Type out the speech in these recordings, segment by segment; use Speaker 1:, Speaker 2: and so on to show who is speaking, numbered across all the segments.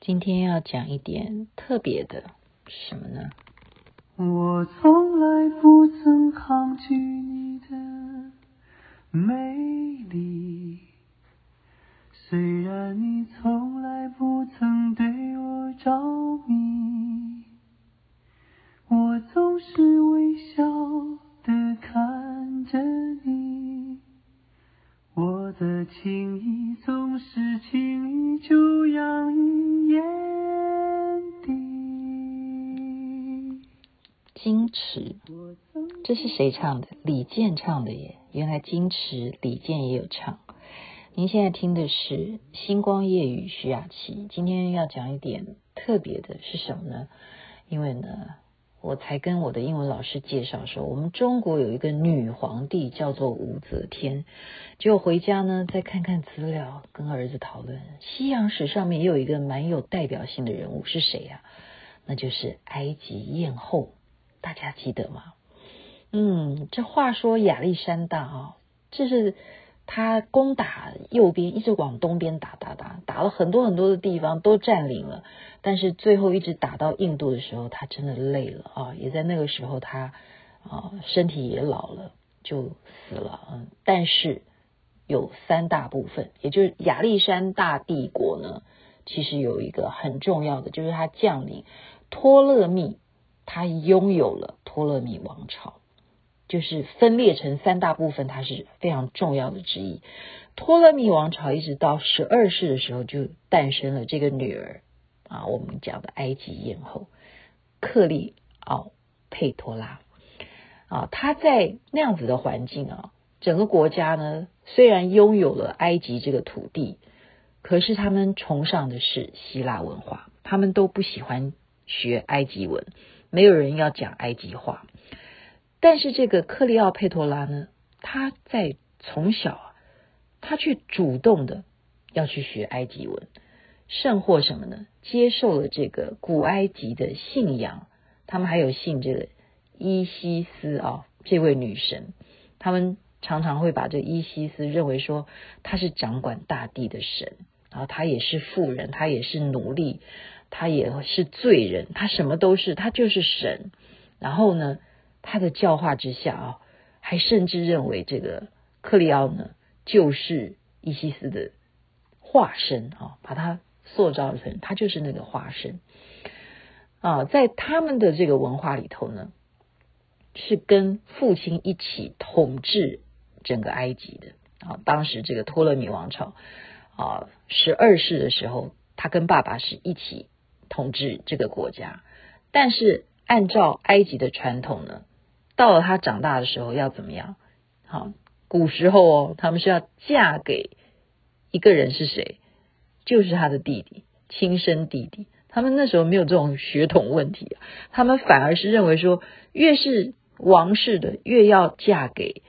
Speaker 1: 今天要講一點特別的什麼呢？我從來不曾抗拒你的美麗。雖然你從來不曾對我着迷。這是誰唱的？李健唱的耶！原來金池、李健也有唱。您現在聽的是《星光夜語》，徐雅琪。今天要講一點特別的是什麼呢？因為呢，我才跟我的英文老師介紹說，我們中國有一個女皇帝叫做武則天。結果回家呢，再看看資料，跟兒子討論。西洋史上面也有一個蠻有代表性的人物是誰呀？那就是埃及豔後，大家記得嗎？嗯，這話說亞歷山大啊、哦，這是他攻打右邊，一直往東邊打打打，打了很多很多的地方都占領了，但是最後一直打到印度的時候，他真的累了啊，也在那個時候他啊、呃、身體也老了就死了。嗯，但是有三大部分，也就是亞歷山大帝國呢，其實有一個很重要的，就是他將領托勒密，他擁有了托勒密王朝。就是分裂成三大部分，它是非常重要的之一。托勒密王朝一直到十二世的時候，就誕生了這個女兒啊，我們講的埃及豔後克利奧佩托拉啊，她在那樣子的環境啊，整個國家呢，雖然擁有了埃及這個土地，可是他們崇尚的是希臘文化，他們都不喜歡學埃及文，沒有人要講埃及話。但是這個克利奧佩托拉呢，他在從小啊，他去主動的要去學埃及文，甚或什麼呢？接受了這個古埃及的信仰，他們還有信這個伊西斯啊、哦，這位女神，他們常常會把這伊西斯認為說他是掌管大地的神，然後他也是富人，他也是奴隸，他也是罪人，他什麼都是，他就是神。然後呢，他的教化之下啊，還甚至認為這個克利奧呢，就是伊西斯的化身啊，把他塑造成他就是那個化身啊，在他們的這個文化裡頭呢，是跟父親一起統治整個埃及的啊。當時這個托勒密王朝啊，十二世的時候，他跟爸爸是一起統治這個國家，但是按照埃及的傳統呢。到了他長大的時候要怎麼樣？好，古時候哦，他們是要嫁給一個人是誰？就是他的弟弟，親生弟弟。他們那時候沒有這種血統問題啊，他們反而是認為說，越是王室的，越要嫁給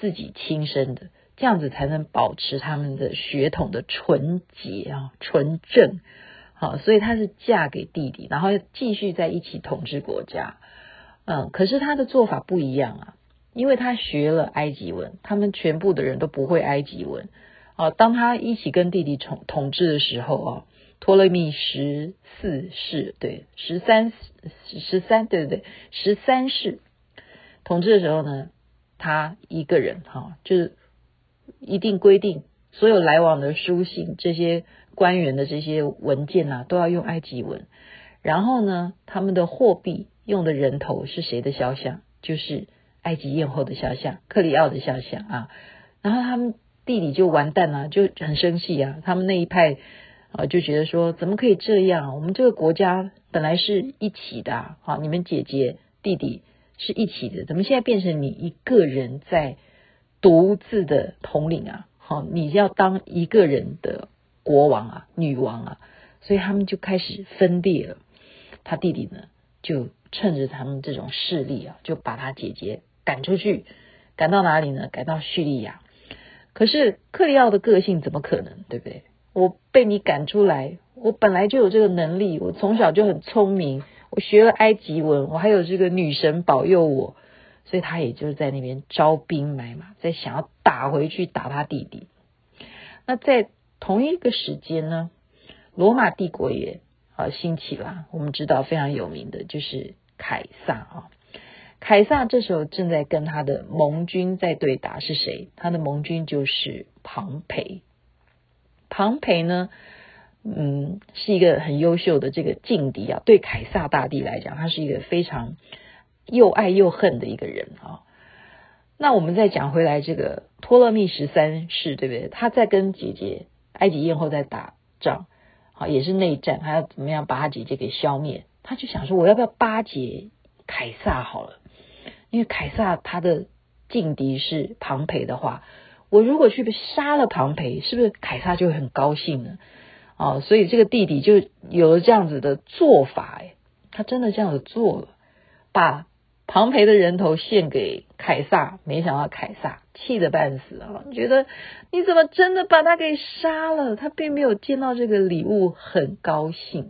Speaker 1: 自己親生的，這樣子才能保持他們的血統的純潔啊、純正。好，所以他是嫁給弟弟，然後繼續在一起統治國家。嗯，可是他的做法不一樣啊，因為他學了埃及文，他們全部的人都不會埃及文。哦、啊，當他一起跟弟弟統統治的時候啊，托勒密十四世，對，十三，十三，對對對，十三世統治的時候呢，他一個人哈、啊，就是一定規定所有來往的書信、這些官員的這些文件吶、啊，都要用埃及文。然後呢，他們的貨幣用的人頭是誰的肖像？就是埃及豔後的肖像，克里奧的肖像啊。然後他們弟弟就完蛋了，就很生氣啊。他們那一派啊就覺得說，怎麼可以這樣？我們這個國家本來是一起的啊，你們姐姐弟弟是一起的，怎麼現在變成你一個人在獨自的統領啊？好，你要當一個人的國王啊、女王啊，所以他們就開始分裂了。他弟弟呢，就趁着他們這種勢力啊，就把他姐姐趕出去，趕到哪裡呢？趕到敘利亞。可是克里奧的個性怎麼可能，對不對？我被你趕出來，我本來就有這個能力，我從小就很聰明，我學了埃及文，我還有這個女神保佑我，所以他也就是在那邊招兵買馬，在想要打回去打他弟弟。那在同一個時間呢，羅馬帝國也。興起啦，我們知道非常有名的就是凱撒啊，凱撒這時候正在跟他的盟軍在對打。是誰？他的盟軍就是龐培。龐培呢，嗯，是一個很優秀的這個勁敵啊。對凱撒大帝來講，他是一個非常又愛又恨的一個人啊。那我們再講回來，這個托勒密十三世對不對？他在跟姐姐埃及豔後在打仗。啊，也是內戰，他要怎麼樣把他姐姐給消滅？他就想說，我要不要巴結凱撒好了？因為凱撒他的勁敵是龐培的話，我如果去殺了龐培，是不是凱撒就會很高興呢？哦，所以這個弟弟就有了這樣子的做法，他真的這樣子做了，把龐培的人頭獻給凱撒，沒想到凱撒氣得半死啊！覺得你怎麼真的把他給殺了？他並沒有見到這個禮物很高興，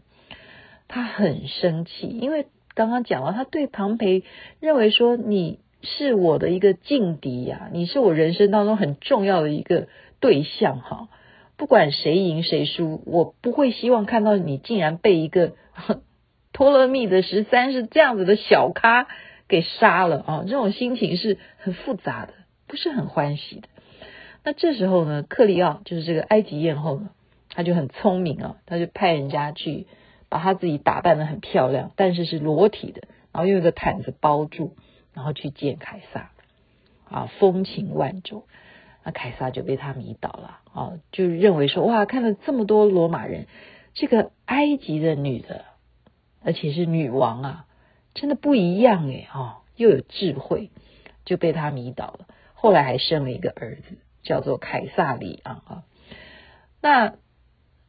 Speaker 1: 他很生氣，因為剛剛講了，他對龐培認為說，你是我的一個勁敵呀、啊，你是我人生當中很重要的一個對象哈。不管誰贏誰輸，我不會希望看到你竟然被一個托勒密的十三世這樣子的小咖給殺了啊！這種心情是很複雜的，不是很歡喜的。那這時候呢，克里奧就是這個埃及豔後呢，她就很聰明啊，她就派人家去把她自己打扮得很漂亮，但是是裸體的，然後用一個毯子包住，然後去見凱撒，啊，風情萬種，那凱撒就被她迷倒了啊，就認為說哇，看了這麼多羅馬人，這個埃及的女的，而且是女王啊。真的不一樣誒啊、哦，又有智慧，就被他迷倒了。後來還生了一個兒子，叫做凱撒里昂、嗯、啊。那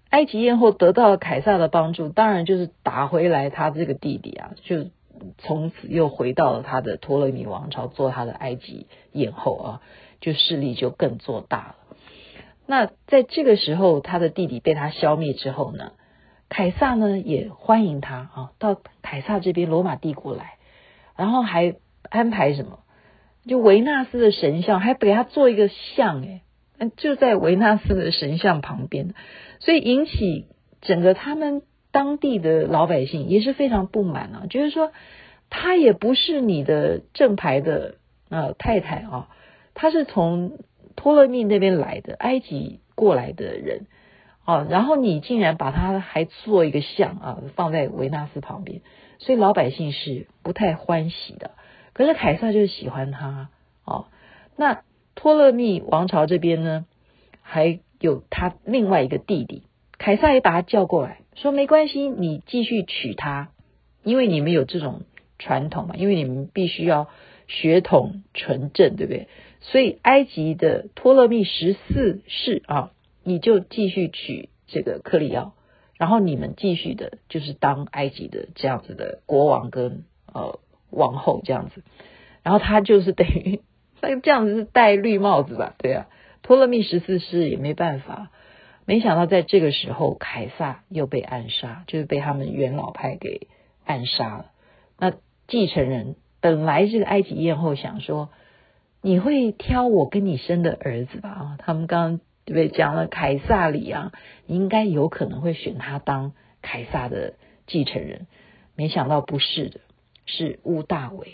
Speaker 1: 埃及艷後得到了凱撒的幫助，當然就是打回來他這個弟弟啊，就從此又回到了他的托勒密王朝，做他的埃及艷後啊，就勢力就更做大了。那在這個時候，他的弟弟被他消滅之後呢？凱撒呢也歡迎他啊，到凱撒這邊羅馬帝國來，然後還安排什麼？就維納斯的神像，還給他做一個像哎，就在維納斯的神像旁邊，所以引起整個他們當地的老百姓也是非常不滿啊，就是說他也不是你的正牌的呃太太啊，他是從托勒密那邊來的埃及過來的人。哦，然後你竟然把他還做一個像啊，放在維納斯旁邊，所以老百姓是不太歡喜的。可是凱撒就是喜歡他哦。那托勒密王朝這邊呢，還有他另外一個弟弟，凱撒也把他叫過來，說沒關係，你繼續娶她，因為你們有這種傳統嘛，因為你們必須要血統純正，對不對？所以埃及的托勒密十四世啊。你就繼續娶這個克里奧，然後你們繼續的就是當埃及的這樣子的國王跟呃王后這樣子，然後他就是等於他這樣子是戴綠帽子吧？對啊，托勒密十四世也沒辦法。沒想到在這個時候，凱撒又被暗殺，就是被他們元老派給暗殺了。那繼承人本來這個埃及豔後想說，你會挑我跟你生的兒子吧？啊，他們剛。對不對？講了凱撒里昂，你應該有可能會選他當凱撒的繼承人，沒想到不是的，是屋大維。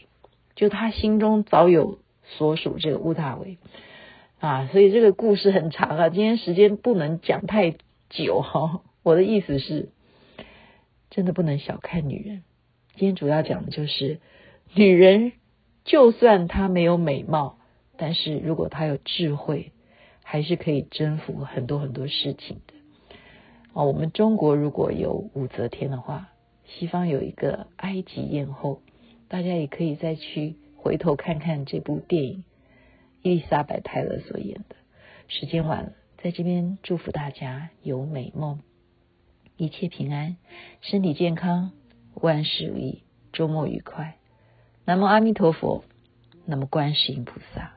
Speaker 1: 就他心中早有所屬，這個屋大維啊，所以這個故事很長啊。今天時間不能講太久哈、哦。我的意思是，真的不能小看女人。今天主要講的就是，女人就算她沒有美貌，但是如果她有智慧。還是可以征服很多很多事情的。哦，我們中國如果有武則天的話，西方有一個埃及豔後，大家也可以再去回頭看看這部電影，伊麗莎白泰勒所演的。時間晚了，在這邊祝福大家有美夢，一切平安，身體健康，萬事如意，週末愉快。南無阿彌陀佛，南無觀世音菩薩。